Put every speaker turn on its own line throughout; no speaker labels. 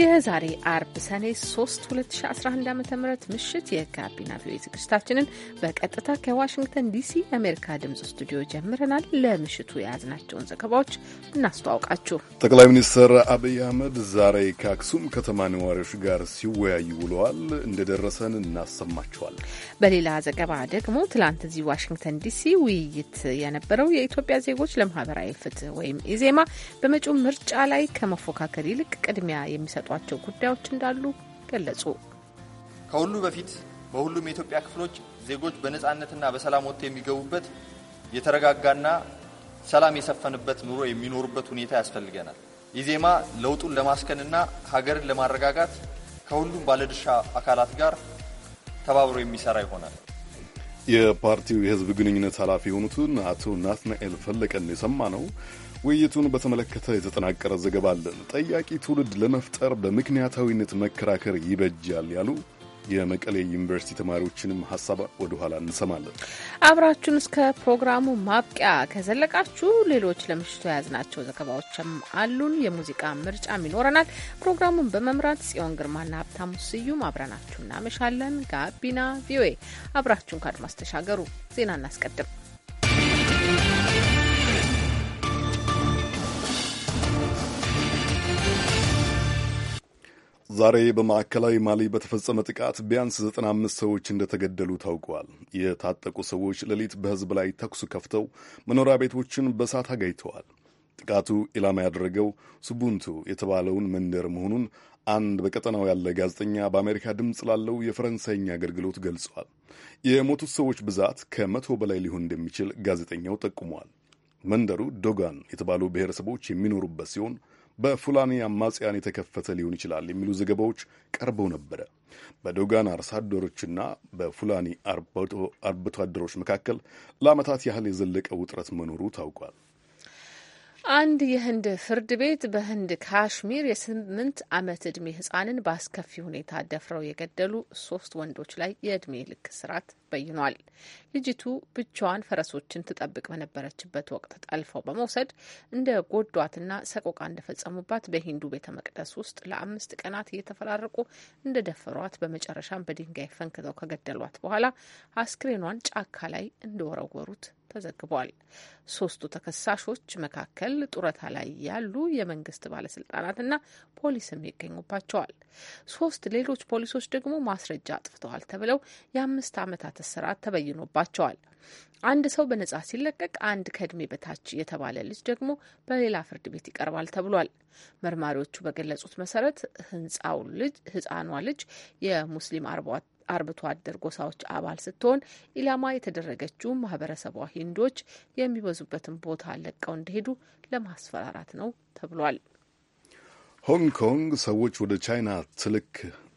የዛሬ አርብ ሰኔ 3 2011 ዓ ም ምሽት የጋቢና ቪኦኤ ዝግጅታችንን በቀጥታ ከዋሽንግተን ዲሲ የአሜሪካ ድምጽ ስቱዲዮ ጀምረናል። ለምሽቱ የያዝናቸውን ዘገባዎች እናስተዋውቃችሁ።
ጠቅላይ ሚኒስትር አብይ አህመድ ዛሬ ከአክሱም ከተማ ነዋሪዎች ጋር ሲወያዩ ውለዋል። እንደደረሰን እናሰማቸዋል።
በሌላ ዘገባ ደግሞ ትላንት እዚህ ዋሽንግተን ዲሲ ውይይት የነበረው የኢትዮጵያ ዜጎች ለማህበራዊ ፍትህ ወይም ኢዜማ በመጪው ምርጫ ላይ ከመፎካከር ይልቅ ቅድሚያ የሚሰጡ ያነሷቸው ጉዳዮች እንዳሉ ገለጹ።
ከሁሉ በፊት በሁሉም የኢትዮጵያ ክፍሎች ዜጎች በነፃነትና በሰላም ወጥተው የሚገቡበት የተረጋጋና ሰላም የሰፈንበት ኑሮ የሚኖሩበት ሁኔታ ያስፈልገናል። ኢዜማ ለውጡን ለማስከንና ሀገርን ለማረጋጋት ከሁሉም ባለድርሻ አካላት ጋር ተባብሮ የሚሰራ ይሆናል።
የፓርቲው የህዝብ ግንኙነት ኃላፊ የሆኑትን አቶ ናትናኤል ፈለቀን የሰማ ነው። ውይይቱን በተመለከተ የተጠናቀረ ዘገባ አለን። ጠያቂ ትውልድ ለመፍጠር በምክንያታዊነት መከራከር ይበጃል ያሉ የመቀሌ ዩኒቨርሲቲ ተማሪዎችንም ሀሳብ ወደኋላ እንሰማለን።
አብራችን እስከ ፕሮግራሙ ማብቂያ ከዘለቃችሁ ሌሎች ለምሽቱ የያዝናቸው ዘገባዎችም አሉን። የሙዚቃ ምርጫም ይኖረናል። ፕሮግራሙን በመምራት ጽዮን ግርማና ሀብታሙ ስዩም አብረናችሁ እናመሻለን። ጋቢና ቪኦኤ አብራችሁን ከአድማስ ተሻገሩ። ዜና እናስቀድም።
ዛሬ በማዕከላዊ ማሊ በተፈጸመ ጥቃት ቢያንስ 95 ሰዎች እንደተገደሉ ታውቋል። የታጠቁ ሰዎች ሌሊት በሕዝብ ላይ ተኩስ ከፍተው መኖሪያ ቤቶችን በእሳት አጋይተዋል። ጥቃቱ ኢላማ ያደረገው ሱቡንቱ የተባለውን መንደር መሆኑን አንድ በቀጠናው ያለ ጋዜጠኛ በአሜሪካ ድምፅ ላለው የፈረንሳይኛ አገልግሎት ገልጿል። የሞቱት ሰዎች ብዛት ከመቶ በላይ ሊሆን እንደሚችል ጋዜጠኛው ጠቁሟል። መንደሩ ዶጋን የተባሉ ብሔረሰቦች የሚኖሩበት ሲሆን በፉላኒ አማጽያን የተከፈተ ሊሆን ይችላል የሚሉ ዘገባዎች ቀርበው ነበረ። በዶጋን አርሶ አደሮችና በፉላኒ አርብቶ አደሮች መካከል ለዓመታት ያህል የዘለቀ ውጥረት መኖሩ ታውቋል።
አንድ የህንድ ፍርድ ቤት በህንድ ካሽሚር የስምንት ዓመት ዕድሜ ህጻንን በአስከፊ ሁኔታ ደፍረው የገደሉ ሶስት ወንዶች ላይ የእድሜ ልክ እስራት በይኗል። ልጅቱ ብቻዋን ፈረሶችን ትጠብቅ በነበረችበት ወቅት ጠልፈው በመውሰድ እንደ ጎዷትና ሰቆቃ እንደፈጸሙባት በሂንዱ ቤተ መቅደስ ውስጥ ለአምስት ቀናት እየተፈራረቁ እንደ ደፈሯት በመጨረሻም በድንጋይ ፈንክተው ከገደሏት በኋላ አስክሬኗን ጫካ ላይ እንደወረወሩት ተዘግቧል። ሶስቱ ተከሳሾች መካከል ጡረታ ላይ ያሉ የመንግስት ባለስልጣናትና ፖሊስም ይገኙባቸዋል። ሶስት ሌሎች ፖሊሶች ደግሞ ማስረጃ አጥፍተዋል ተብለው የአምስት ዓመታት እስራት ተበይኖባቸዋል። አንድ ሰው በነጻ ሲለቀቅ አንድ ከእድሜ በታች የተባለ ልጅ ደግሞ በሌላ ፍርድ ቤት ይቀርባል ተብሏል። መርማሪዎቹ በገለጹት መሰረት ህንጻው ልጅ ህጻኗ ልጅ የሙስሊም አርብቶ አደር ጎሳዎች አባል ስትሆን ኢላማ የተደረገችው ማህበረሰቧ ሂንዶች የሚበዙበትን ቦታ ለቀው እንዲሄዱ ለማስፈራራት ነው ተብሏል።
ሆንግ ኮንግ ሰዎች ወደ ቻይና ትልክ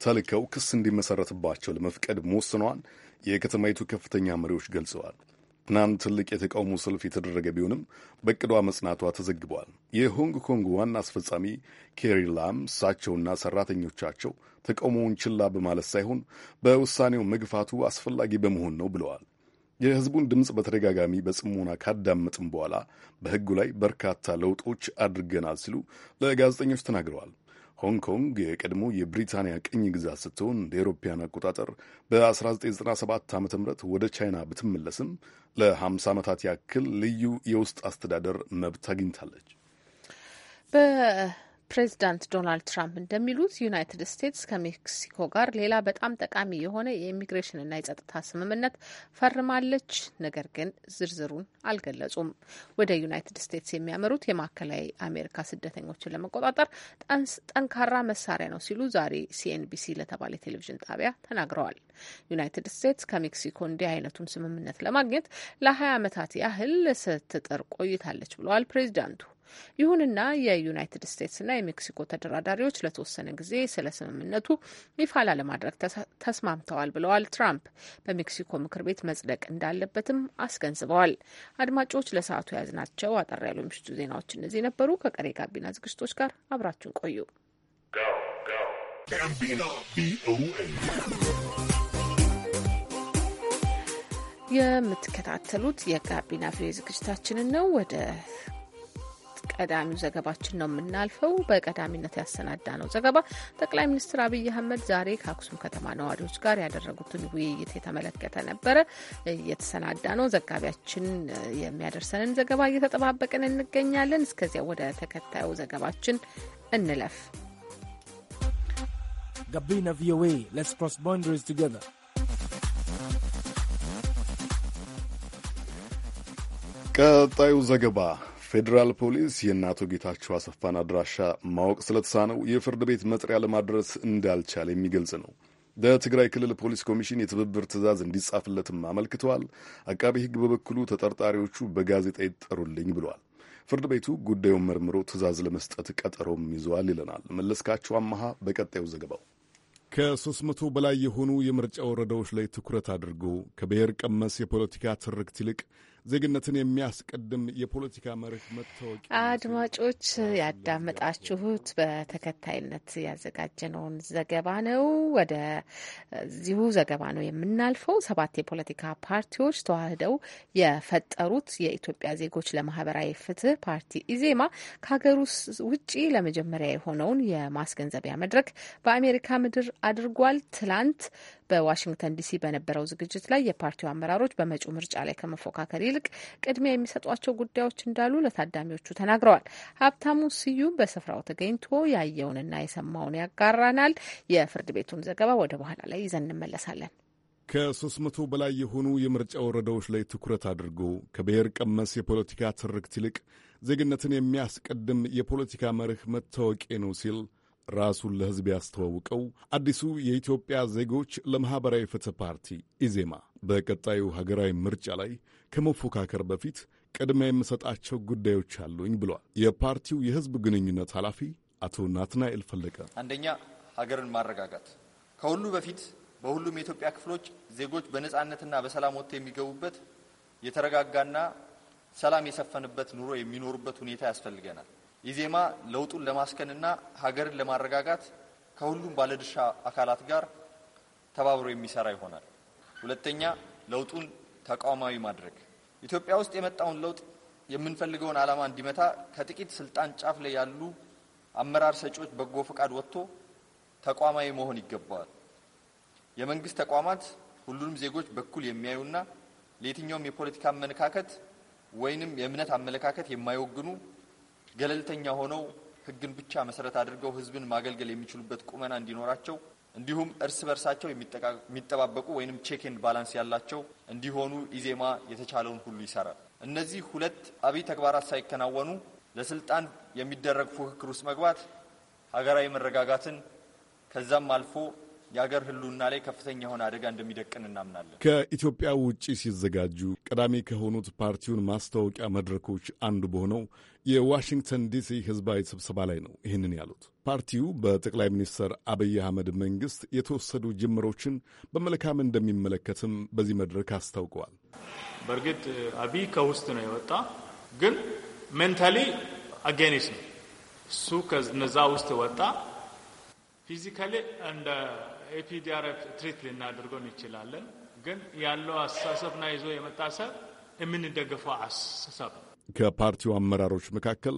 ተልከው ክስ እንዲመሰረትባቸው ለመፍቀድ መወስኗን የከተማይቱ ከፍተኛ መሪዎች ገልጸዋል። ትናንት ትልቅ የተቃውሞ ሰልፍ የተደረገ ቢሆንም በቅዷ መጽናቷ ተዘግቧል። የሆንግ ኮንግ ዋና አስፈጻሚ ኬሪ ላም እሳቸውና ሰራተኞቻቸው ተቃውሞውን ችላ በማለት ሳይሆን በውሳኔው መግፋቱ አስፈላጊ በመሆን ነው ብለዋል። የህዝቡን ድምፅ በተደጋጋሚ በጽሞና ካዳመጥም በኋላ በህጉ ላይ በርካታ ለውጦች አድርገናል ሲሉ ለጋዜጠኞች ተናግረዋል። ሆንግ ኮንግ የቀድሞ የብሪታንያ ቅኝ ግዛት ስትሆን እንደ ኤሮፓያን አቆጣጠር በ1997 ዓ ም ወደ ቻይና ብትመለስም ለ50 ዓመታት ያክል ልዩ የውስጥ አስተዳደር መብት አግኝታለች።
ፕሬዚዳንት ዶናልድ ትራምፕ እንደሚሉት ዩናይትድ ስቴትስ ከሜክሲኮ ጋር ሌላ በጣም ጠቃሚ የሆነ የኢሚግሬሽንና የጸጥታ ስምምነት ፈርማለች፣ ነገር ግን ዝርዝሩን አልገለጹም። ወደ ዩናይትድ ስቴትስ የሚያመሩት የማዕከላዊ አሜሪካ ስደተኞችን ለመቆጣጠር ጠንካራ መሳሪያ ነው ሲሉ ዛሬ ሲኤንቢሲ ለተባለ ቴሌቪዥን ጣቢያ ተናግረዋል። ዩናይትድ ስቴትስ ከሜክሲኮ እንዲህ አይነቱን ስምምነት ለማግኘት ለሀያ ዓመታት ያህል ስትጥር ቆይታለች ብለዋል ፕሬዚዳንቱ ይሁንና የዩናይትድ ስቴትስና የሜክሲኮ ተደራዳሪዎች ለተወሰነ ጊዜ ስለ ስምምነቱ ይፋ ላለማድረግ ተስማምተዋል ብለዋል ትራምፕ። በሜክሲኮ ምክር ቤት መጽደቅ እንዳለበትም አስገንዝበዋል። አድማጮች ለሰዓቱ የያዝናቸው አጠር ያሉ የምሽቱ ዜናዎች እነዚህ ነበሩ። ከቀሪ ጋቢና ዝግጅቶች ጋር አብራችሁን ቆዩ። የምትከታተሉት የጋቢና ፍሬ ዝግጅታችንን ነው። ወደ ቀዳሚው ዘገባችን ነው የምናልፈው። በቀዳሚነት ያሰናዳ ነው ዘገባ ጠቅላይ ሚኒስትር አብይ አህመድ ዛሬ ከአክሱም ከተማ ነዋሪዎች ጋር ያደረጉትን ውይይት የተመለከተ ነበረ። እየተሰናዳ ነው። ዘጋቢያችን የሚያደርሰንን ዘገባ እየተጠባበቅን እንገኛለን። እስከዚያ ወደ ተከታዩ ዘገባችን እንለፍ።
ጋቢና ቪኦኤ ሌትስ ክሮስ ቦንደሪስ ቱጌዘር
ቀጣዩ ዘገባ ፌዴራል ፖሊስ የእነ አቶ ጌታቸው አሰፋን አድራሻ ማወቅ ስለተሳነው የፍርድ ቤት መጥሪያ ለማድረስ እንዳልቻለ የሚገልጽ ነው። በትግራይ ክልል ፖሊስ ኮሚሽን የትብብር ትዕዛዝ እንዲጻፍለትም አመልክተዋል። አቃቢ ሕግ በበኩሉ ተጠርጣሪዎቹ በጋዜጣ ይጠሩልኝ ብለዋል። ፍርድ ቤቱ ጉዳዩን መርምሮ ትዕዛዝ ለመስጠት ቀጠሮም ይዘዋል ይለናል መለስካቸው አመሃ በቀጣዩ ዘገባው። ከ300 በላይ የሆኑ የምርጫ ወረዳዎች ላይ ትኩረት አድርጎ ከብሔር ቀመስ የፖለቲካ ትርክት ይልቅ ዜግነትን የሚያስቀድም የፖለቲካ መርህ መታወቂ።
አድማጮች ያዳመጣችሁት በተከታይነት ያዘጋጀነውን ዘገባ ነው። ወደ ዘገባ ነው የምናልፈው። ሰባት የፖለቲካ ፓርቲዎች ተዋህደው የፈጠሩት የኢትዮጵያ ዜጎች ለማህበራዊ ፍትህ ፓርቲ ኢዜማ ከሀገር ውጭ ለመጀመሪያ የሆነውን የማስገንዘቢያ መድረክ በአሜሪካ ምድር አድርጓል። ትላንት በዋሽንግተን ዲሲ በነበረው ዝግጅት ላይ የፓርቲው አመራሮች በመጪው ምርጫ ላይ ከመፎካከር ይልቅ ቅድሚያ የሚሰጧቸው ጉዳዮች እንዳሉ ለታዳሚዎቹ ተናግረዋል። ሀብታሙ ስዩም በስፍራው ተገኝቶ ያየውንና የሰማውን ያጋራናል። የፍርድ ቤቱን ዘገባ ወደ በኋላ ላይ ይዘን እንመለሳለን።
ከሶስት መቶ በላይ የሆኑ የምርጫ ወረዳዎች ላይ ትኩረት አድርጎ ከብሔር ቀመስ የፖለቲካ ትርክት ይልቅ ዜግነትን የሚያስቀድም የፖለቲካ መርህ መታወቂያ ነው ሲል ራሱን ለሕዝብ ያስተዋውቀው አዲሱ የኢትዮጵያ ዜጎች ለማኅበራዊ ፍትህ ፓርቲ ኢዜማ በቀጣዩ ሀገራዊ ምርጫ ላይ ከመፎካከር በፊት ቅድሚያ የምሰጣቸው ጉዳዮች አሉኝ ብሏል። የፓርቲው የሕዝብ ግንኙነት ኃላፊ አቶ ናትናኤል ፈለቀ
አንደኛ ሀገርን ማረጋጋት ከሁሉ በፊት በሁሉም የኢትዮጵያ ክፍሎች ዜጎች በነጻነትና በሰላም ወጥተው የሚገቡበት የተረጋጋና ሰላም የሰፈንበት ኑሮ የሚኖሩበት ሁኔታ ያስፈልገናል። ኢዜማ ለውጡን ለማስከንና ሀገርን ለማረጋጋት ከሁሉም ባለድርሻ አካላት ጋር ተባብሮ የሚሰራ ይሆናል። ሁለተኛ፣ ለውጡን ተቋማዊ ማድረግ ኢትዮጵያ ውስጥ የመጣውን ለውጥ የምንፈልገውን ዓላማ እንዲመታ ከጥቂት ስልጣን ጫፍ ላይ ያሉ አመራር ሰጪዎች በጎ ፈቃድ ወጥቶ ተቋማዊ መሆን ይገባዋል። የመንግስት ተቋማት ሁሉንም ዜጎች በኩል የሚያዩና ለየትኛውም የፖለቲካ አመለካከት ወይንም የእምነት አመለካከት የማይወግኑ ገለልተኛ ሆነው ህግን ብቻ መሰረት አድርገው ህዝብን ማገልገል የሚችሉበት ቁመና እንዲኖራቸው እንዲሁም እርስ በርሳቸው የሚጠባበቁ ወይም ቼክ ኤንድ ባላንስ ያላቸው እንዲሆኑ ኢዜማ የተቻለውን ሁሉ ይሰራል። እነዚህ ሁለት አብይ ተግባራት ሳይከናወኑ ለስልጣን የሚደረግ ፉክክር ውስጥ መግባት ሀገራዊ መረጋጋትን ከዛም አልፎ የአገር ሕልውና ላይ ከፍተኛ የሆነ አደጋ እንደሚደቅን እናምናለን።
ከኢትዮጵያ ውጭ ሲዘጋጁ ቀዳሚ ከሆኑት ፓርቲውን ማስታወቂያ መድረኮች አንዱ በሆነው የዋሽንግተን ዲሲ ህዝባዊ ስብሰባ ላይ ነው ይህንን ያሉት። ፓርቲው በጠቅላይ ሚኒስትር አብይ አህመድ መንግስት የተወሰዱ ጅምሮችን በመልካም እንደሚመለከትም በዚህ መድረክ አስታውቀዋል።
በእርግጥ አብይ ከውስጥ ነው የወጣ ግን ሜንታሊ አጌኒስ ነው እሱ ከነዛ ውስጥ ወጣ ፊዚካሊ እንደ ኤፒዲያረፍ ትሪት ልናደርገው እንችላለን። ግን ያለው አስተሳሰብና ይዞ የመጣ ሰብ አሳሰብ አስተሳሰብ
ከፓርቲው አመራሮች መካከል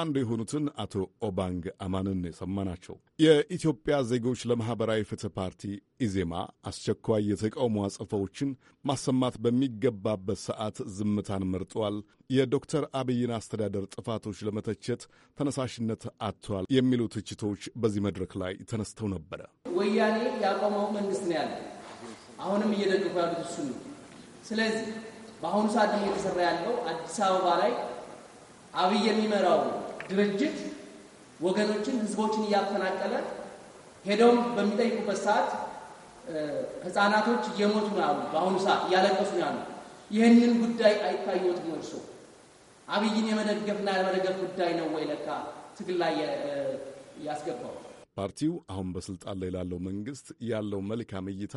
አንዱ የሆኑትን አቶ ኦባንግ አማንን የሰማናቸው። የኢትዮጵያ ዜጎች ለማኅበራዊ ፍትህ ፓርቲ ኢዜማ አስቸኳይ የተቃውሞ አጸፋዎችን ማሰማት በሚገባበት ሰዓት ዝምታን መርጧል፣ የዶክተር አብይን አስተዳደር ጥፋቶች ለመተቸት ተነሳሽነት አጥተዋል የሚሉ ትችቶች በዚህ መድረክ ላይ ተነስተው ነበረ።
ወያኔ ያቆመው መንግስት ነው ያለ አሁንም እየደግፉ ያሉት እሱ ነው። ስለዚህ በአሁኑ ሰዓት እየተሰራ ያለው አዲስ አበባ ላይ አብይ የሚመራው ድርጅት ወገኖችን፣ ህዝቦችን እያፈናቀለ ሄደውም በሚጠይቁበት ሰዓት ህፃናቶች እየሞቱ ነው ያሉ፣ በአሁኑ ሰዓት እያለቀሱ ነው ያሉ። ይህንን ጉዳይ አይታየትም እርሶ አብይን የመደገፍና ያለመደገፍ ጉዳይ ነው ወይ ለካ ትግል ላይ ያስገባው?
ፓርቲው አሁን በስልጣን ላይ ላለው መንግስት ያለው መልካም እይታ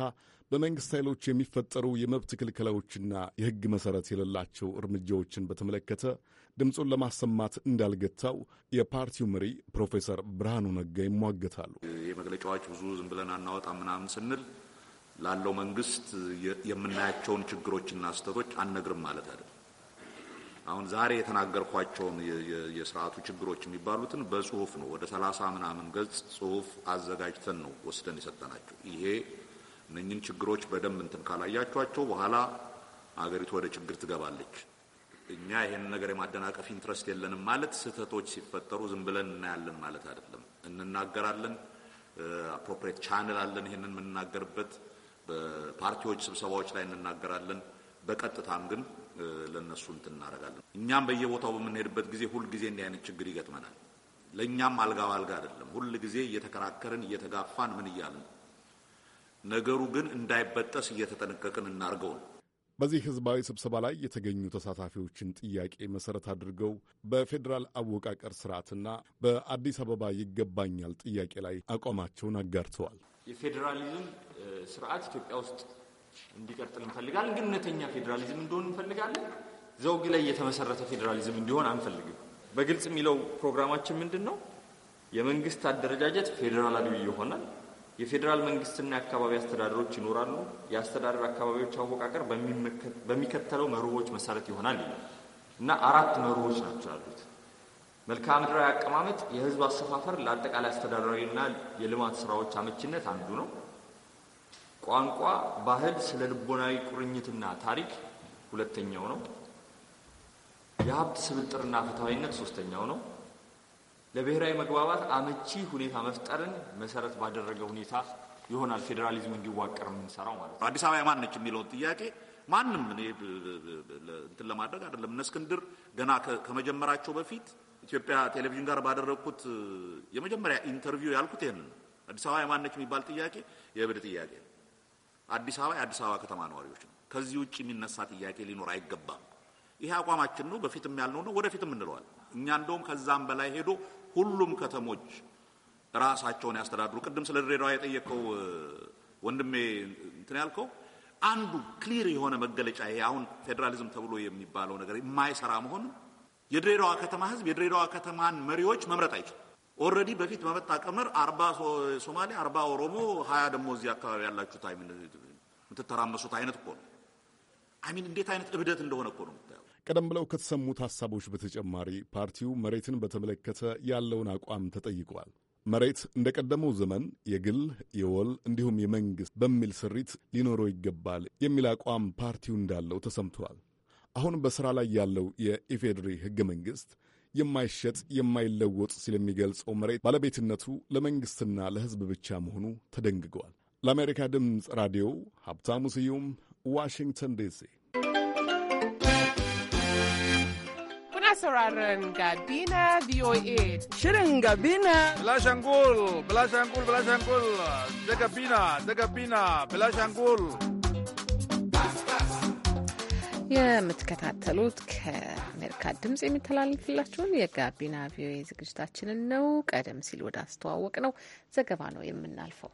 በመንግስት ኃይሎች የሚፈጠሩ የመብት ክልከላዎችና የህግ መሰረት የሌላቸው እርምጃዎችን በተመለከተ ድምፁን ለማሰማት እንዳልገታው የፓርቲው መሪ ፕሮፌሰር ብርሃኑ ነጋ ይሟገታሉ።
የመግለጫዎች ብዙ ዝም ብለን አናወጣ ምናምን ስንል ላለው መንግስት የምናያቸውን ችግሮችና ስህተቶች አንነግርም ማለት አይደለም። አሁን ዛሬ የተናገርኳቸውን የስርዓቱ ችግሮች የሚባሉትን በጽሁፍ ነው። ወደ ሰላሳ ምናምን ገጽ ጽሁፍ አዘጋጅተን ነው ወስደን የሰጠናቸው። ይሄ እነኝን ችግሮች በደንብ እንትን ካላያቸኋቸው በኋላ አገሪቱ ወደ ችግር ትገባለች እኛ ይሄን ነገር የማደናቀፍ ኢንትረስት የለንም ማለት ስህተቶች ሲፈጠሩ ዝም ብለን እናያለን ማለት አይደለም። እንናገራለን። አፕሮፕሬት ቻነል አለን ይሄንን የምንናገርበት። በፓርቲዎች ስብሰባዎች ላይ እንናገራለን። በቀጥታም ግን ለነሱ እንትን እናደርጋለን። እኛም በየቦታው በምንሄድበት ጊዜ ጊዜ እንዲህ አይነት ችግር ይገጥመናል። ለእኛም አልጋ ባልጋ አይደለም። ሁል ጊዜ እየተከራከርን እየተጋፋን ምን እያልን ነገሩ ግን እንዳይበጠስ እየተጠነቀቅን እናርገው ነው።
በዚህ ህዝባዊ ስብሰባ ላይ የተገኙ ተሳታፊዎችን ጥያቄ መሰረት አድርገው በፌዴራል አወቃቀር ስርዓትና በአዲስ አበባ ይገባኛል ጥያቄ ላይ አቋማቸውን አጋርተዋል።
የፌዴራሊዝም ስርዓት ኢትዮጵያ ውስጥ እንዲቀጥል እንፈልጋለን። ግን እውነተኛ ፌዴራሊዝም እንደሆን እንፈልጋለን። ዘውግ ላይ የተመሰረተ ፌዴራሊዝም እንዲሆን አንፈልግም። በግልጽ የሚለው ፕሮግራማችን ምንድን ነው? የመንግስት አደረጃጀት ፌዴራላዊ ይሆናል። የፌዴራል መንግስትና የአካባቢ አስተዳደሮች ይኖራሉ። የአስተዳደር አካባቢዎች አወቃቀር በሚከተለው መርሆች መሰረት ይሆናል ይላል እና አራት መርሆች ናቸው ያሉት። መልክዓ ምድራዊ አቀማመጥ የህዝብ አሰፋፈር ለአጠቃላይ አስተዳደራዊና የልማት ስራዎች አመችነት አንዱ ነው። ቋንቋ፣ ባህል፣ ስነ ልቦናዊ ቁርኝትና ታሪክ ሁለተኛው ነው። የሀብት ስብጥርና ፍትሐዊነት ሶስተኛው ነው። ለብሔራዊ መግባባት አመቺ ሁኔታ መፍጠርን መሰረት ባደረገ ሁኔታ ይሆናል ፌዴራሊዝም እንዲዋቀር የምንሰራው ማለት ነው። አዲስ አበባ ማን ነች የሚለውን ጥያቄ ማንም እኔ
እንትን ለማድረግ አይደለም። እነ እስክንድር ገና ከመጀመራቸው በፊት ኢትዮጵያ ቴሌቪዥን ጋር ባደረግኩት የመጀመሪያ ኢንተርቪው ያልኩት ይህን ነው። አዲስ አበባ የማን ነች የሚባል ጥያቄ የህብድ ጥያቄ ነው። አዲስ አበባ የአዲስ አበባ ከተማ ነዋሪዎች ነው። ከዚህ ውጭ የሚነሳ ጥያቄ ሊኖር አይገባም። ይሄ አቋማችን ነው። በፊትም ያልነው ነው፣ ወደፊትም እንለዋል። እኛ እንደውም ከዛም በላይ ሄዶ ሁሉም ከተሞች ራሳቸውን ያስተዳድሩ። ቅድም ስለ ድሬዳዋ የጠየቀው ወንድሜ እንትን ያልከው አንዱ ክሊር የሆነ መገለጫ ይሄ አሁን ፌዴራሊዝም ተብሎ የሚባለው ነገር የማይሰራ መሆኑን የድሬዳዋ ከተማ ህዝብ የድሬዳዋ ከተማን መሪዎች መምረጥ አይችል። ኦልሬዲ በፊት በመጣ ቀመር አርባ ሶማሌ፣ አርባ ኦሮሞ፣ ሀያ ደግሞ እዚህ አካባቢ ያላችሁት የምትተራመሱት አይነት እኮ ነው። አይ እንዴት አይነት እብደት እንደሆነ እኮ ነው
ቀደም ብለው ከተሰሙት ሐሳቦች በተጨማሪ ፓርቲው መሬትን በተመለከተ ያለውን አቋም ተጠይቋል። መሬት እንደ ቀደመው ዘመን የግል የወል እንዲሁም የመንግሥት በሚል ስሪት ሊኖረው ይገባል የሚል አቋም ፓርቲው እንዳለው ተሰምተዋል። አሁን በሥራ ላይ ያለው የኢፌዴሪ ሕገ መንግሥት የማይሸጥ የማይለወጥ ሲል የሚገልጸው መሬት ባለቤትነቱ ለመንግሥትና ለሕዝብ ብቻ መሆኑ ተደንግገዋል። ለአሜሪካ ድምፅ ራዲዮ ሀብታሙ ስዩም ዋሽንግተን ዲሲ
Kuna sauraron Gabina
VOA. Shirin
Gabina. Bilashangul, Bilashangul,
Bilashangul. Da Gabina, da Gabina, Bilashangul.
የምትከታተሉት ከአሜሪካ ድምጽ የሚተላለፍላችሁን የጋቢና ቪኦኤ ዝግጅታችንን ነው። ቀደም ሲል ወደ አስተዋወቅ ነው ዘገባ ነው የምናልፈው።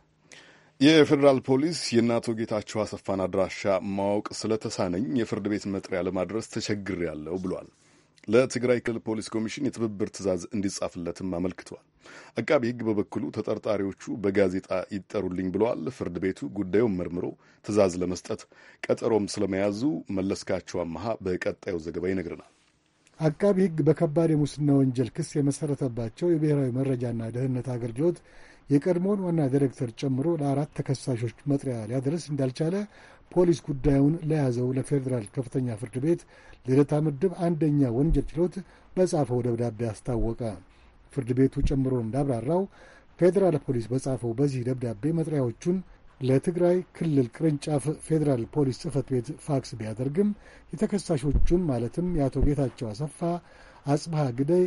የፌዴራል ፖሊስ የእናቶ ጌታቸው አሰፋን አድራሻ ማወቅ ስለተሳነኝ የፍርድ ቤት መጥሪያ ለማድረስ ተቸግሬ ያለው ብሏል። ለትግራይ ክልል ፖሊስ ኮሚሽን የትብብር ትዕዛዝ እንዲጻፍለትም አመልክቷል። አቃቢ ሕግ በበኩሉ ተጠርጣሪዎቹ በጋዜጣ ይጠሩልኝ ብለዋል። ፍርድ ቤቱ ጉዳዩን መርምሮ ትዕዛዝ ለመስጠት ቀጠሮም ስለመያዙ መለስካቸው አመሃ በቀጣዩ ዘገባ ይነግርናል።
አቃቢ ሕግ በከባድ የሙስና ወንጀል ክስ የመሰረተባቸው የብሔራዊ መረጃና ደህንነት አገልግሎት የቀድሞውን ዋና ዲሬክተር ጨምሮ ለአራት ተከሳሾች መጥሪያ ሊያደርስ እንዳልቻለ ፖሊስ ጉዳዩን ለያዘው ለፌዴራል ከፍተኛ ፍርድ ቤት ልደታ ምድብ አንደኛ ወንጀል ችሎት በጻፈው ደብዳቤ አስታወቀ። ፍርድ ቤቱ ጨምሮ እንዳብራራው ፌዴራል ፖሊስ በጻፈው በዚህ ደብዳቤ መጥሪያዎቹን ለትግራይ ክልል ቅርንጫፍ ፌዴራል ፖሊስ ጽህፈት ቤት ፋክስ ቢያደርግም የተከሳሾቹን ማለትም የአቶ ጌታቸው አሰፋ፣ አጽብሃ ግደይ፣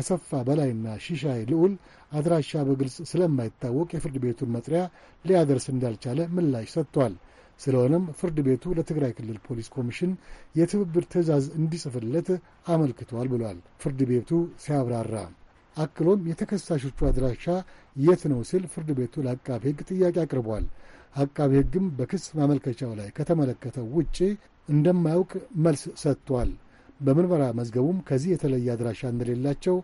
አሰፋ በላይና ሺሻይ ልዑል አድራሻ በግልጽ ስለማይታወቅ የፍርድ ቤቱን መጥሪያ ሊያደርስ እንዳልቻለ ምላሽ ሰጥቷል። ስለሆነም ፍርድ ቤቱ ለትግራይ ክልል ፖሊስ ኮሚሽን የትብብር ትዕዛዝ እንዲጽፍለት አመልክቷል ብሏል ፍርድ ቤቱ ሲያብራራ። አክሎም የተከሳሾቹ አድራሻ የት ነው ሲል ፍርድ ቤቱ ለአቃቤ ሕግ ጥያቄ አቅርቧል። አቃቢ ሕግም በክስ ማመልከቻው ላይ ከተመለከተው ውጪ እንደማያውቅ መልስ ሰጥቷል። በምርመራ መዝገቡም ከዚህ የተለየ አድራሻ እንደሌላቸው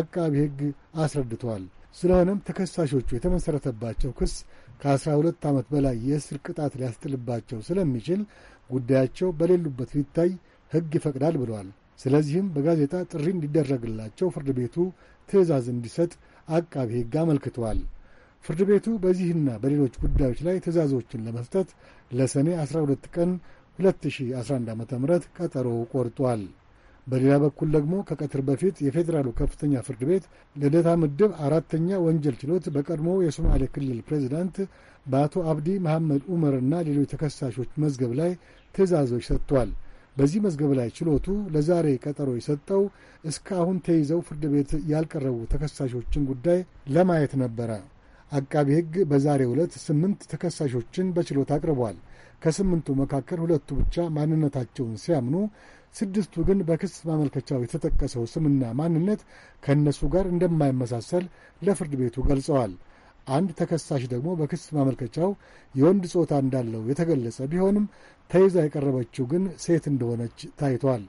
አቃቢ ሕግ አስረድቷል። ስለሆነም ተከሳሾቹ የተመሠረተባቸው ክስ ከ12 ዓመት በላይ የእስር ቅጣት ሊያስጥልባቸው ስለሚችል ጉዳያቸው በሌሉበት ሊታይ ሕግ ይፈቅዳል ብለዋል። ስለዚህም በጋዜጣ ጥሪ እንዲደረግላቸው ፍርድ ቤቱ ትዕዛዝ እንዲሰጥ አቃቤ ሕግ አመልክተዋል። ፍርድ ቤቱ በዚህና በሌሎች ጉዳዮች ላይ ትዕዛዞችን ለመስጠት ለሰኔ 12 ቀን 2011 ዓ ም ቀጠሮ ቆርጧል። በሌላ በኩል ደግሞ ከቀትር በፊት የፌዴራሉ ከፍተኛ ፍርድ ቤት ልደታ ምድብ አራተኛ ወንጀል ችሎት በቀድሞ የሶማሌ ክልል ፕሬዚዳንት በአቶ አብዲ መሐመድ ኡመርና ሌሎች ተከሳሾች መዝገብ ላይ ትእዛዞች ሰጥቷል። በዚህ መዝገብ ላይ ችሎቱ ለዛሬ ቀጠሮ የሰጠው እስከ አሁን ተይዘው ፍርድ ቤት ያልቀረቡ ተከሳሾችን ጉዳይ ለማየት ነበረ። አቃቢ ሕግ በዛሬ ዕለት ስምንት ተከሳሾችን በችሎት አቅርቧል። ከስምንቱ መካከል ሁለቱ ብቻ ማንነታቸውን ሲያምኑ፣ ስድስቱ ግን በክስ ማመልከቻው የተጠቀሰው ስምና ማንነት ከእነሱ ጋር እንደማይመሳሰል ለፍርድ ቤቱ ገልጸዋል። አንድ ተከሳሽ ደግሞ በክስ ማመልከቻው የወንድ ጾታ እንዳለው የተገለጸ ቢሆንም ተይዛ የቀረበችው ግን ሴት እንደሆነች ታይቷል።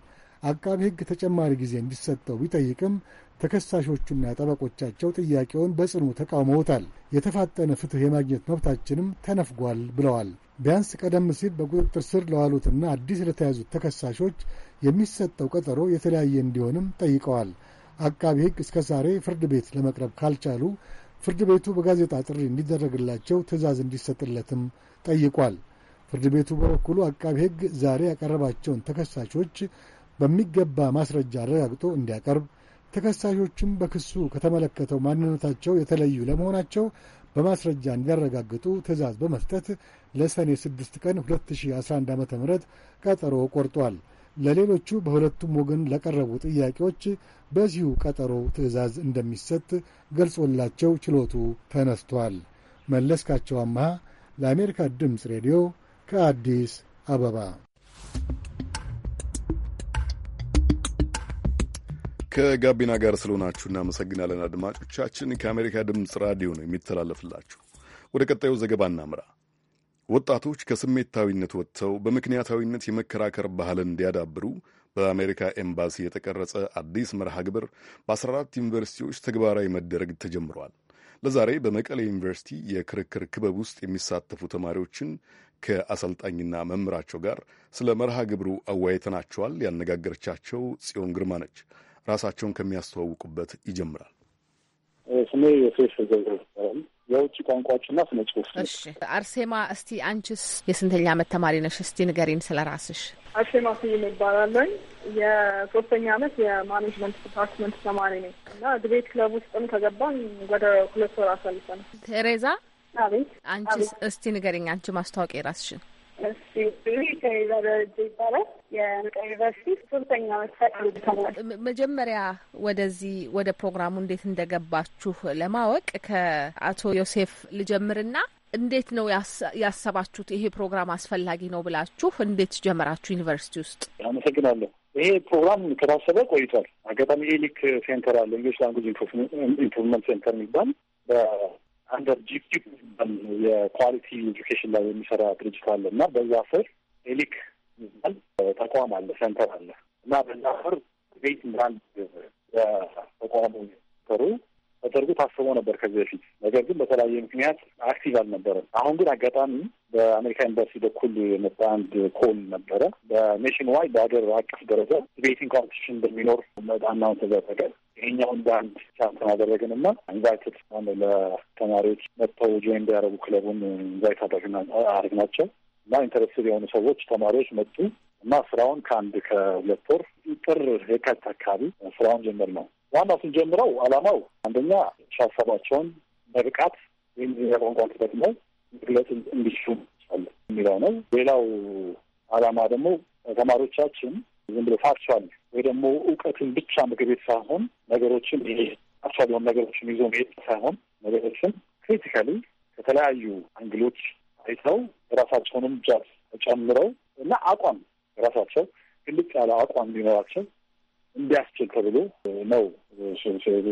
አቃቢ ሕግ ተጨማሪ ጊዜ እንዲሰጠው ቢጠይቅም ተከሳሾቹና ጠበቆቻቸው ጥያቄውን በጽኑ ተቃውመውታል። የተፋጠነ ፍትሕ የማግኘት መብታችንም ተነፍጓል ብለዋል። ቢያንስ ቀደም ሲል በቁጥጥር ስር ለዋሉትና አዲስ ለተያዙት ተከሳሾች የሚሰጠው ቀጠሮ የተለያየ እንዲሆንም ጠይቀዋል። አቃቢ ሕግ እስከ ዛሬ ፍርድ ቤት ለመቅረብ ካልቻሉ ፍርድ ቤቱ በጋዜጣ ጥሪ እንዲደረግላቸው ትዕዛዝ እንዲሰጥለትም ጠይቋል። ፍርድ ቤቱ በበኩሉ አቃቢ ሕግ ዛሬ ያቀረባቸውን ተከሳሾች በሚገባ ማስረጃ አረጋግጦ እንዲያቀርብ፣ ተከሳሾቹም በክሱ ከተመለከተው ማንነታቸው የተለዩ ለመሆናቸው በማስረጃ እንዲያረጋግጡ ትእዛዝ በመስጠት ለሰኔ 6 ቀን 2011 ዓ ም ቀጠሮ ቆርጧል። ለሌሎቹ በሁለቱም ወገን ለቀረቡ ጥያቄዎች በዚሁ ቀጠሮ ትእዛዝ እንደሚሰጥ ገልጾላቸው ችሎቱ ተነስቷል። መለስካቸው አመሃ ለአሜሪካ ድምፅ ሬዲዮ ከአዲስ አበባ
ከጋቢና ጋር ስለሆናችሁ እናመሰግናለን። አድማጮቻችን ከአሜሪካ ድምፅ ራዲዮ ነው የሚተላለፍላችሁ። ወደ ቀጣዩ ዘገባ እናምራ። ወጣቶች ከስሜታዊነት ወጥተው በምክንያታዊነት የመከራከር ባህልን እንዲያዳብሩ በአሜሪካ ኤምባሲ የተቀረጸ አዲስ መርሃ ግብር በ14 ዩኒቨርሲቲዎች ተግባራዊ መደረግ ተጀምሯል። ለዛሬ በመቀሌ ዩኒቨርሲቲ የክርክር ክበብ ውስጥ የሚሳተፉ ተማሪዎችን ከአሰልጣኝና መምህራቸው ጋር ስለ መርሃ ግብሩ አወያይተናቸዋል። ያነጋገረቻቸው ጽዮን ግርማ ነች። ራሳቸውን ከሚያስተዋውቁበት ይጀምራል።
ስሜ የሴፍ ዘዘ የውጭ ቋንቋዎችና ስነ ጽሁፍ። እሺ
አርሴማ፣ እስቲ አንቺስ የስንተኛ አመት ተማሪ ነሽ? እስቲ ንገሪን ስለ ራስሽ።
አርሴማ ስዩም ይባላለኝ። የሶስተኛ አመት የማኔጅመንት ዲፓርትመንት ተማሪ ነኝ እና ድቤት ክለብ ውስጥም ከገባን ወደ ሁለት ወር አሳልፈናል። ቴሬዛ፣ አቤት። አንቺ
እስቲ ንገሪኝ አንቺ ማስታወቂያ የራስሽን መጀመሪያ ወደዚህ ወደ ፕሮግራሙ እንዴት እንደገባችሁ ለማወቅ ከአቶ ዮሴፍ ልጀምርና እንዴት ነው ያሰባችሁት? ይሄ ፕሮግራም አስፈላጊ ነው ብላችሁ እንዴት ጀመራችሁ ዩኒቨርሲቲ ውስጥ?
አመሰግናለሁ። ይሄ ፕሮግራም ከታሰበ ቆይቷል። አጋጣሚ ኤሊክ ሴንተር አለ፣ ኢንግሊሽ ላንጉጅ ኢምፕሩቭመንት ሴንተር የሚባል አንደር ጂፒ የኳሊቲ ኤጁኬሽን ላይ የሚሰራ ድርጅት አለ እና በዛ ስር ኤሊክ የሚባል ተቋም አለ፣ ሴንተር አለ እና በዛ ስር ቤት ብራንድ ተቋሙ ተሩ ተደርጎ ታስቦ ነበር ከዚህ በፊት ነገር ግን በተለያየ ምክንያት አክቲቭ አልነበረም። አሁን ግን አጋጣሚ በአሜሪካ ኤምባሲ በኩል የመጣ አንድ ኮል ነበረ። በኔሽን ዋይ በሀገር አቀፍ ደረጃ ዲቤቲንግ ኮምፒቲሽን በሚኖር መጣናውን ተዘረገ። ይሄኛውን በአንድ ቻንስ አደረግን እና ኢንቫይትድ ሆነ ለተማሪዎች መጥተው ጆይን እንዲያደረጉ ክለቡን ኢንቫይት አድርግ ናቸው እና ኢንተረስትድ የሆኑ ሰዎች ተማሪዎች መጡ እና ስራውን ከአንድ ከሁለት ወር ጥር የካቲት አካባቢ ስራውን ጀምር ነው። ዋናው ስንጀምረው አላማው አንደኛ ሻሳባቸውን በብቃት ወይም የቋንቋ የቋንቋን ነው ግለት እንዲሹም እንዲሹ የሚለው ነው። ሌላው አላማ ደግሞ ተማሪዎቻችን ዝም ብሎ ፋክቹዋል ወይ ደግሞ እውቀትን ብቻ ምግብ ቤት ሳይሆን ነገሮችን ይሄ ፋክቹዋል የሆኑ ነገሮችን ይዞ መሄድ ሳይሆን ነገሮችን ክሪቲካሊ ከተለያዩ አንግሎች አይተው የራሳቸውንም ጃዝ ተጨምረው እና አቋም የራሳቸው ትልቅ ያለ አቋም እንዲኖራቸው እንዲያስችል ተብሎ ነው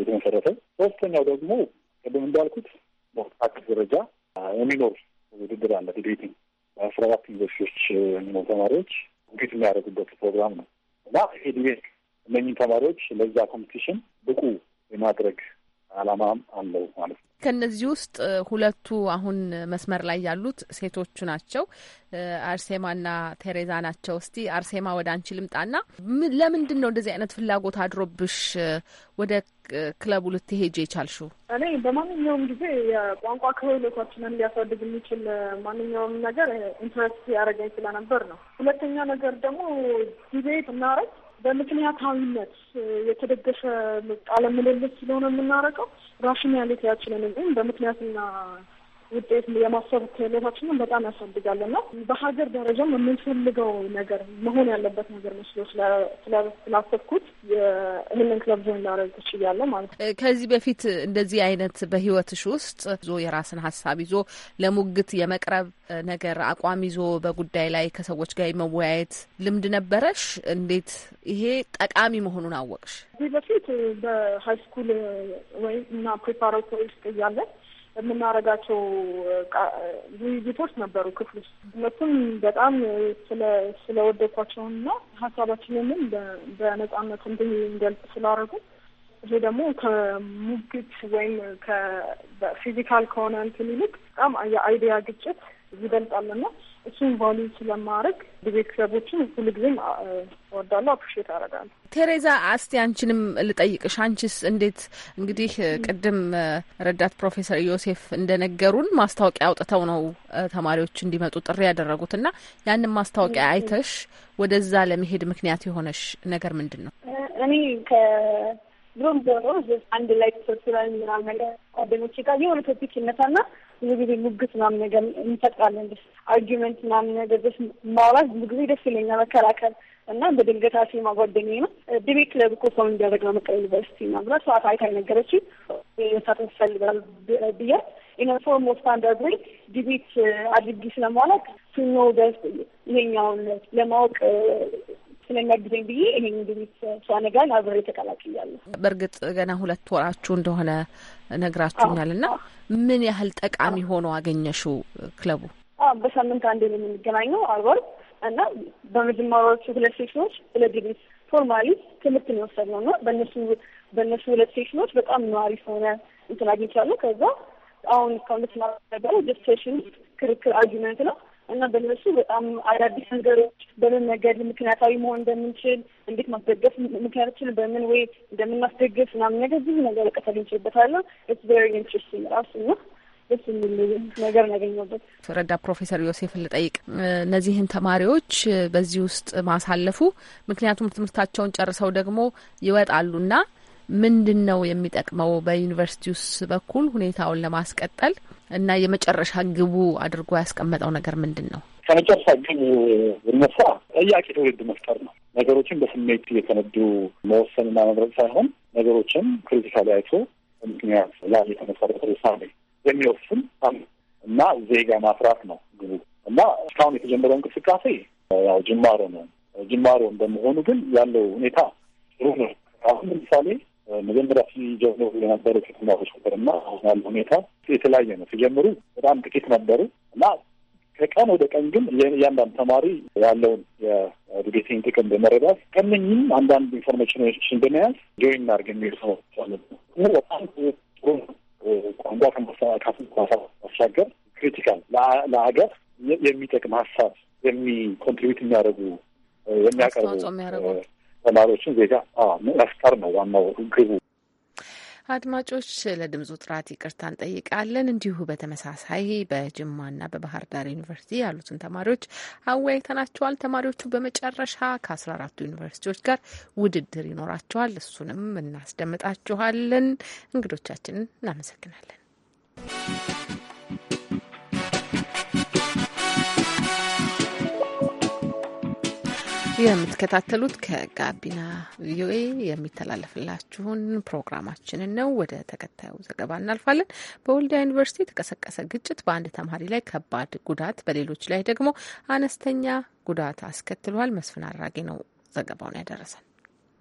የተመሰረተው። ሶስተኛው ደግሞ ቅድም እንዳልኩት በወጣት ደረጃ የሚኖሩ ውድድር አለ ዲቤቲንግ በአስራ አራት ዩኒቨርሲቲዎች የሚኖሩ ተማሪዎች ውጌት የሚያደርጉበት ፕሮግራም ነው እና ይሄ ዲቤት እነኝህ ተማሪዎች ለዛ ኮምፒቲሽን ብቁ የማድረግ አላማም አለው ማለት ነው።
ከእነዚህ ውስጥ ሁለቱ አሁን መስመር ላይ ያሉት ሴቶቹ ናቸው፣ አርሴማና ቴሬዛ ናቸው። እስቲ አርሴማ ወደ አንቺ ልምጣና ለምንድን ነው እንደዚህ አይነት ፍላጎት አድሮብሽ ወደ ክለቡ ልትሄጅ የቻልሹ?
እኔ በማንኛውም ጊዜ የቋንቋ ክህሎታችንን ሊያሳድግ የሚችል ማንኛውም ነገር ኢንትረስት ያደረገኝ ስለነበር ነው። ሁለተኛ ነገር ደግሞ ዲቤት እናረግ በምክንያታዊነት የተደገፈ ቃለ ምልልስ ስለሆነ የምናደርገው ራሽናሊቲያችንን ወይም በምክንያትና ውጤት የማሰብ ክህሎታችንን በጣም ያሳድጋልና በሀገር ደረጃም የምንፈልገው ነገር መሆን ያለበት ነገር መስሎ ስላሰብኩት ይህንን ክለብ ጆይን ላደርግ ችያለሁ ማለት
ነው። ከዚህ በፊት እንደዚህ አይነት በህይወትሽ ውስጥ ይዞ የራስን ሀሳብ ይዞ ለሙግት የመቅረብ ነገር አቋም ይዞ በጉዳይ ላይ ከሰዎች ጋር የመወያየት ልምድ ነበረሽ? እንዴት ይሄ ጠቃሚ መሆኑን አወቅሽ?
ከዚህ በፊት በሀይ ስኩል ወይም እና ፕሪፓራቶሪ ውስጥ እያለን የምናደርጋቸው ውይይቶች ነበሩ ክፍል ውስጥ። ሁለቱም በጣም ስለወደድኳቸውና ሀሳባችንንም በነጻነት እንድንገልጽ ስላደረጉ ይሄ ደግሞ ከሙግት ወይም ከፊዚካል ከሆነ እንትን ይልቅ በጣም የአይዲያ ግጭት ይበልጣልና እሱን ቫሉ ስለማድረግ ቤተሰቦችን ሁሉ ጊዜም እወዳለሁ፣ አፕሪሼት አደርጋለሁ።
ቴሬዛ አስቲ አንቺንም ልጠይቅሽ። አንቺስ እንዴት እንግዲህ ቅድም ረዳት ፕሮፌሰር ዮሴፍ እንደነገሩን ማስታወቂያ አውጥተው ነው ተማሪዎች እንዲመጡ ጥሪ ያደረጉት እና ያንን ማስታወቂያ አይተሽ ወደዛ ለመሄድ ምክንያት የሆነሽ ነገር ምንድን ነው?
እኔ ድሮም ዞሮ አንድ ላይ ተሰብስበን ምናምን ነገር ጓደኞቼ ጋር የሆነ ቶፒክ ይነሳና ብዙ ጊዜ ሙግት ምናምን ነገር እንፈጥራለን። ደስ አርጊመንት ምናምን ነገር ደስ ማውራት ብዙ ጊዜ ደስ ይለኛል፣ መከራከር እና በድንገት አሲማ ጓደኛዬ ነው ዲቤት ክለብ እኮ ሰው እንዲያደርግ ነው መቀሌ ዩኒቨርሲቲ ብላ ሰዋት አይታ ነገረችኝ። መሳተፍ ይፈልጋል ብያት ኢነፎርም ስታንዳርድ ወይ ዲቤት አድርጊ ስለማለት ቱኖ ደስ ይሄኛውን ለማወቅ ስለሚያግዘኝ ብዬ ይሄን ድርጅት ሷነ ጋር አብሬ ተቀላቅያለሁ።
በእርግጥ ገና ሁለት ወራችሁ እንደሆነ ነግራችሁኛል እና ምን ያህል ጠቃሚ ሆኖ አገኘሹ ክለቡ?
በሳምንት አንድ ነው የምንገናኘው አርበር እና በመጀመሪያዎቹ ሁለት ሴሽኖች ሁለት ዲግሪ ፎርማሊ ትምህርት ነው የወሰድነው እና በእነሱ በእነሱ ሁለት ሴሽኖች በጣም ነው አሪፍ ሆነ እንትን አግኝቻለሁ። ከዛ አሁን እስካሁን ተማረ ነበረ ጀስት ክርክር አርጊመንት ነው እና በነሱ በጣም አዳዲስ ነገሮች በምን መንገድ ምክንያታዊ መሆን እንደምንችል፣ እንዴት ማስደገፍ ምክንያታችን በምን ወይ እንደምናስደግፍ ምናምን ነገር ብዙ ነገር እውቀት አግኝቼበታለሁ። ኢትስ ቬሪ ኢንትረስቲንግ ራሱ ነው። ደስ የሚል ነገር ያገኘበት።
ረዳ ፕሮፌሰር ዮሴፍ ልጠይቅ፣ እነዚህን ተማሪዎች በዚህ ውስጥ ማሳለፉ ምክንያቱም ትምህርታቸውን ጨርሰው ደግሞ ይወጣሉና ምንድን ነው የሚጠቅመው? ውስጥ በኩል ሁኔታውን ለማስቀጠል እና የመጨረሻ ግቡ አድርጎ ያስቀመጠው ነገር ምንድን ነው?
ከመጨረሻ ግቡ ብነሳ ጠያቂ ትውልድ መፍጠር ነው። ነገሮችን በስሜት እየተነዱ መወሰንና መምረጥ ሳይሆን ነገሮችን ክሪቲካሊ አይቶ ምክንያት ላይ የተመሰረተ ውሳኔ የሚወስን እና ዜጋ ማፍራት ነው ግቡ እና እስካሁን የተጀመረው እንቅስቃሴ ያው ጅማሮ ነው። ጅማሮ እንደመሆኑ ግን ያለው ሁኔታ ጥሩ ነው። አሁን ለምሳሌ መጀመሪያ ሲጀምሩ የነበሩ ከተማዎች ቁጥር እና አሁን ያለ ሁኔታ የተለያየ ነው። ሲጀምሩ በጣም ጥቂት ነበሩ እና ከቀን ወደ ቀን ግን እያንዳንድ ተማሪ ያለውን የኤዱኬቲንግ ጥቅም በመረዳት ቀንኝም አንዳንድ ኢንፎርሜሽኖችን በመያዝ ጆይን እናድርግ የሚሉ ሰዎች አሉ። በጣም ጥሩ ቋንቋ ከማስተካካቱ ማሻገር ክሪቲካል ለሀገር የሚጠቅም ሀሳብ የሚኮንትሪቢዩት የሚያደርጉ የሚያቀርቡ ተማሪዎችን ዜጋ መፍጠር ነው ዋናው ግቡ።
አድማጮች ለድምፁ ጥራት ይቅርታ እንጠይቃለን። እንዲሁ በተመሳሳይ በጅማና በባህር ዳር ዩኒቨርሲቲ ያሉትን ተማሪዎች አወያይተናቸዋል። ተማሪዎቹ በመጨረሻ ከአስራ አራቱ ዩኒቨርሲቲዎች ጋር ውድድር ይኖራቸዋል። እሱንም እናስደምጣችኋለን። እንግዶቻችንን እናመሰግናለን። የምትከታተሉት ከጋቢና ቪኦኤ የሚተላለፍላችሁን ፕሮግራማችንን ነው። ወደ ተከታዩ ዘገባ እናልፋለን። በወልዲያ ዩኒቨርሲቲ የተቀሰቀሰ ግጭት በአንድ ተማሪ ላይ ከባድ ጉዳት፣ በሌሎች ላይ ደግሞ አነስተኛ ጉዳት አስከትሏል። መስፍን አድራጊ ነው
ዘገባውን ያደረሰን።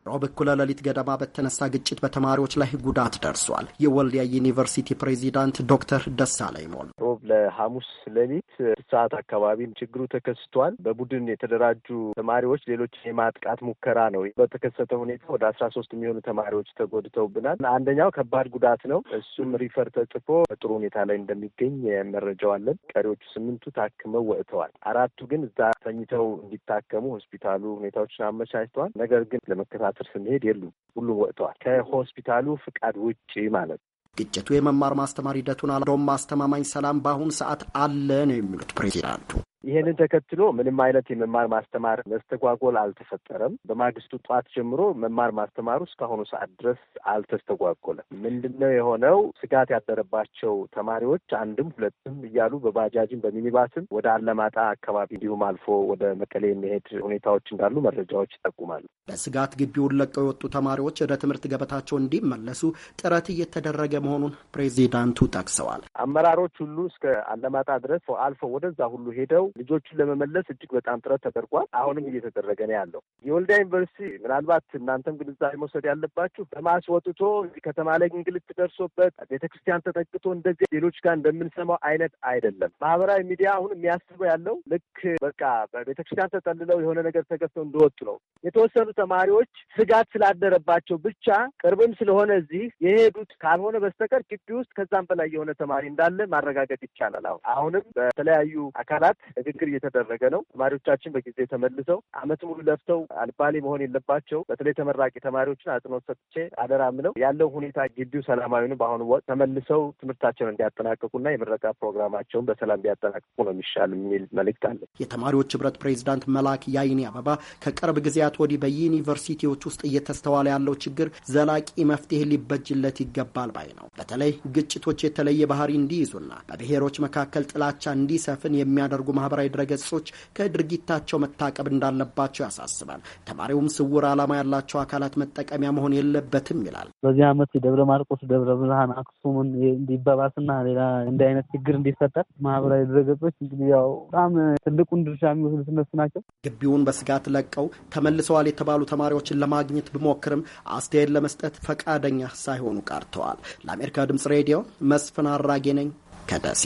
ሮ በኩለ ሌሊት ገደማ በተነሳ ግጭት በተማሪዎች ላይ ጉዳት ደርሷል። የወልዲያ ዩኒቨርሲቲ ፕሬዚዳንት ዶክተር ደሳለኝ ሞል
ሮብ ለሐሙስ ሌሊት ሰዓት አካባቢም ችግሩ ተከስቷል። በቡድን የተደራጁ ተማሪዎች ሌሎች የማጥቃት ሙከራ ነው በተከሰተ ሁኔታ ወደ አስራ ሶስት የሚሆኑ ተማሪዎች ተጎድተውብናል። አንደኛው ከባድ ጉዳት ነው። እሱም ሪፈር ተጽፎ በጥሩ ሁኔታ ላይ እንደሚገኝ መረጃዋለን። ቀሪዎቹ ስምንቱ ታክመው ወጥተዋል። አራቱ ግን እዛ ተኝተው እንዲታከሙ ሆስፒታሉ ሁኔታዎችን አመቻችተዋል። ነገር ግን ለመከታ ቲያትር ስንሄድ የሉም፣ ሁሉም ወጥተዋል። ከሆስፒታሉ ፍቃድ ውጭ
ማለት ነው። ግጭቱ የመማር ማስተማር ሂደቱን አላዶም ማስተማማኝ ሰላም በአሁኑ ሰዓት አለ ነው የሚሉት ፕሬዚዳንቱ
ይሄንን ተከትሎ ምንም አይነት የመማር ማስተማር መስተጓጎል አልተፈጠረም። በማግስቱ ጠዋት ጀምሮ መማር ማስተማሩ እስካሁኑ ሰዓት ድረስ አልተስተጓጎለም። ምንድን ነው የሆነው? ስጋት ያደረባቸው ተማሪዎች አንድም ሁለትም እያሉ በባጃጅም በሚኒባስም ወደ አለማጣ አካባቢ እንዲሁም አልፎ ወደ መቀሌ የሚሄድ ሁኔታዎች እንዳሉ መረጃዎች
ይጠቁማሉ። በስጋት ግቢውን ለቀው የወጡ ተማሪዎች ወደ ትምህርት ገበታቸው እንዲመለሱ ጥረት እየተደረገ መሆኑን ፕሬዚዳንቱ ጠቅሰዋል።
አመራሮች ሁሉ እስከ አለማጣ ድረስ አልፎ ወደዛ ሁሉ ሄደው ልጆቹን ለመመለስ እጅግ በጣም ጥረት ተደርጓል። አሁንም እየተደረገ ነው ያለው። የወልዳ ዩኒቨርሲቲ ምናልባት እናንተም ግንዛቤ መውሰድ ያለባችሁ በማስ ወጥቶ ከተማ ላይ እንግልት ደርሶበት ቤተክርስቲያን ተጠቅቶ እንደዚህ ሌሎች ጋር እንደምንሰማው አይነት አይደለም። ማህበራዊ ሚዲያ አሁን የሚያስበው ያለው ልክ በቃ በቤተክርስቲያን ተጠልለው የሆነ ነገር ተገፍተው እንደወጡ ነው። የተወሰኑ ተማሪዎች ስጋት ስላደረባቸው ብቻ ቅርብም ስለሆነ እዚህ የሄዱት ካልሆነ በስተቀር ግቢ ውስጥ ከዛም በላይ የሆነ ተማሪ እንዳለ ማረጋገጥ ይቻላል። አሁን አሁንም በተለያዩ አካላት ንግግር እየተደረገ ነው። ተማሪዎቻችን በጊዜ ተመልሰው አመት ሙሉ ለፍተው አልባሌ መሆን የለባቸው። በተለይ ተመራቂ ተማሪዎችን አጽንኦት ሰጥቼ አደራ ምለው ያለው ሁኔታ ግቢው ሰላማዊ ነው። በአሁኑ ወቅት ተመልሰው ትምህርታቸውን እንዲያጠናቅቁና የምረቃ ፕሮግራማቸውን በሰላም እንዲያጠናቅቁ ነው የሚሻል የሚል መልእክት አለ።
የተማሪዎች ህብረት ፕሬዚዳንት መላክ ያይኔ አበባ ከቅርብ ጊዜያት ወዲህ በዩኒቨርሲቲዎች ውስጥ እየተስተዋለ ያለው ችግር ዘላቂ መፍትሄ ሊበጅለት ይገባል ባይ ነው። በተለይ ግጭቶች የተለየ ባህሪ እንዲይዙና በብሔሮች መካከል ጥላቻ እንዲሰፍን የሚያደርጉ ማህበ ማህበራዊ ድረገጾች ከድርጊታቸው መታቀብ እንዳለባቸው ያሳስባል። ተማሪውም ስውር ዓላማ ያላቸው አካላት መጠቀሚያ መሆን የለበትም ይላል።
በዚህ ዓመት ደብረ ማርቆስ፣ ደብረ ብርሃን፣ አክሱምን እንዲባባስና ሌላ እንዲህ አይነት ችግር እንዲፈጠር ማህበራዊ ድረገጾች
እንግዲህ ያው በጣም ትልቁን ድርሻ የሚወስዱት እነሱ ናቸው። ግቢውን በስጋት ለቀው ተመልሰዋል የተባሉ ተማሪዎችን ለማግኘት ብሞክርም አስተያየት ለመስጠት ፈቃደኛ ሳይሆኑ ቀርተዋል። ለአሜሪካ ድምጽ ሬዲዮ መስፍን አራጌ ነኝ ከደሴ።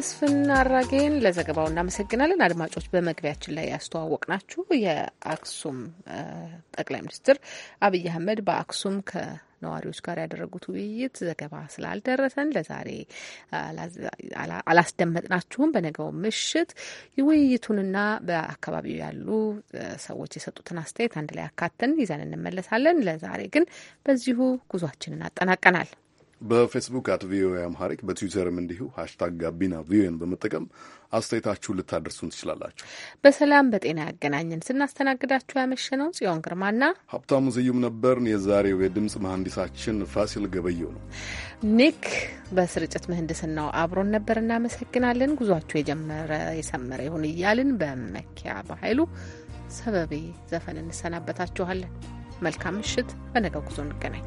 መስፍን አራጌን ለዘገባው እናመሰግናለን። አድማጮች በመግቢያችን ላይ ያስተዋወቅ ናችሁ። የአክሱም ጠቅላይ ሚኒስትር አብይ አህመድ በአክሱም ከነዋሪዎች ጋር ያደረጉት ውይይት ዘገባ ስላልደረሰን ለዛሬ አላስደመጥናችሁም። በነገው ምሽት ውይይቱንና በአካባቢው ያሉ ሰዎች የሰጡትን አስተያየት አንድ ላይ አካተን ይዘን እንመለሳለን። ለዛሬ ግን በዚሁ ጉዟችንን አጠናቀናል።
በፌስቡክ አት ቪኦኤ አምሃሪክ በትዊተርም እንዲሁ ሀሽታግ ጋቢና ቪኦኤን በመጠቀም አስተያየታችሁን ልታደርሱን ትችላላችሁ።
በሰላም በጤና ያገናኘን። ስናስተናግዳችሁ ያመሸነው ጽዮን ግርማና
ሀብታሙ ስዩም ነበርን። የዛሬው የድምፅ መሐንዲሳችን ፋሲል ገበየው ነው።
ኒክ በስርጭት ምህንድስናው አብሮን ነበር። እናመሰግናለን። ጉዟችሁ የጀመረ የሰመረ ይሁን እያልን በመኪያ በኃይሉ ሰበቤ ዘፈን እንሰናበታችኋለን። መልካም ምሽት። በነገው ጉዞ እንገናኝ።